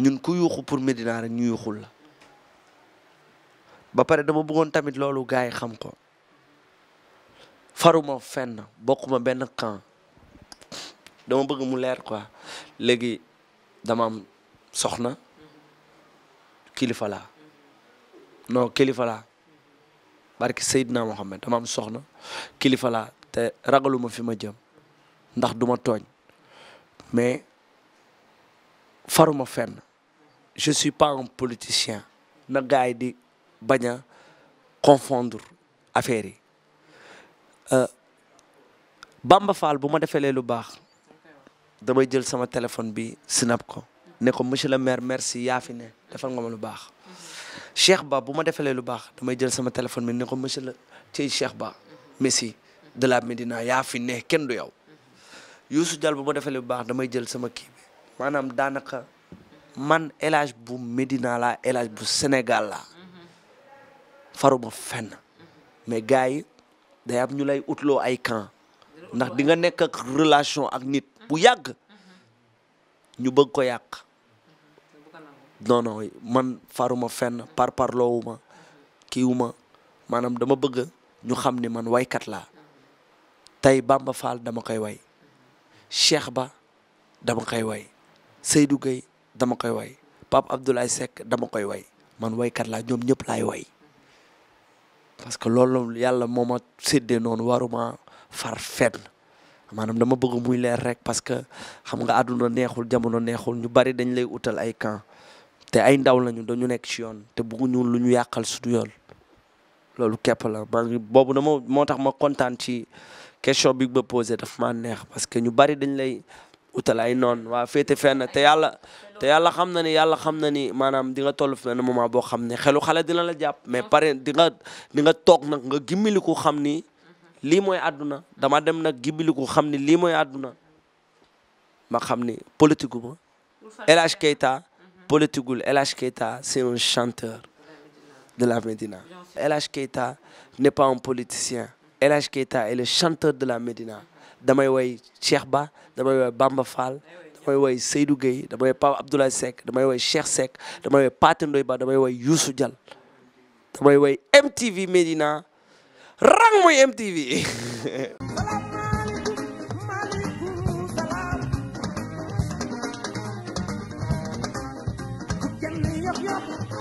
ñun ku yuuxu pour Médina rek ñu yuuxul la ba pare dama bëggoon tamit loolu gars yi xam ko faruma fenn bokkuma benn camp dama bëgg mu leer ko léegi dama am soxna kilifa laa non kilifa laa barki Seydina Mohamed dama am soxna kilifa te ragaluma fi ma jëm ndax duma tooñ mais faruma fenn je suis pas un politicien na gars yi di bañ a confondre affaire yi euh, Bamba Fall bu ma defalee lu baax damay jël sama téléphone bi snap ko ne ko monsieur le maire merci yaa fi ne defal nga ma lu baax Cheikh Ba bu ma defalee lu baax damay jël sama téléphone bi ne ko monsieur le Cheikh Ba messi de la Médina yaa fi ne kenn du yow Youssou Diall bu ma defalee bu baax damay jël sama kii bi maanaam daanaka man El bu Médina la El bu Sénégal laa faruma fenn mais gars yi day am ñu lay utloo ay camp ndax di nga nekk relation ak nit bu yàgg ñu bëgg ko yàq non non man faruma fenn par parloowuma kiiwuma maanaam dama bëgg ñu xam ni man waykat la tey Bamba Fall dama koy way Cheikh Ba dama koy way Seydou Gueye dama koy way Pape Abdoulaye Seck dama koy way man waykat laa ñoom ñëpp laay way parce que loolu yàlla moom ma séddee noonu waruma far fenn maanaam dama bëgg muy leer rek parce que xam nga àdduna neexul jamono neexul ñu bari dañ lay utal ay camp te ay ndaw lañu dañu nekk ci yoon te bëgguñu lu ñu yàqal suñu yoon loolu képp moo tax ma kontaan ci question bi ma posé daf maa neex parce que ñu bari dañ lay utal ay noonu waa féete fenn te yàlla te yàlla xam na ni yàlla xam na ni maanaam di nga toll fenn moment boo xam ne xelu xale dina la jàpp mais pare di nga di nga toog nag nga gimmiliku xam ni lii mooy àdduna dama dem nag gimmiliku xam ni lii mooy àdduna ma xam ni politique ma El Hadj Keita politique gul El Hadj Keita c'est politicien El Hadj Keita chanteur de la Médina damay woy Cheikh Ba damay woy Bamba Fall damay woy Seydou Gueye damay woy Pape Abdoulaye sek damay woy Cheikh sek damay woy Pathé Ba damay woy Youssou Dial damay woy MTV Médina rang mooy MTV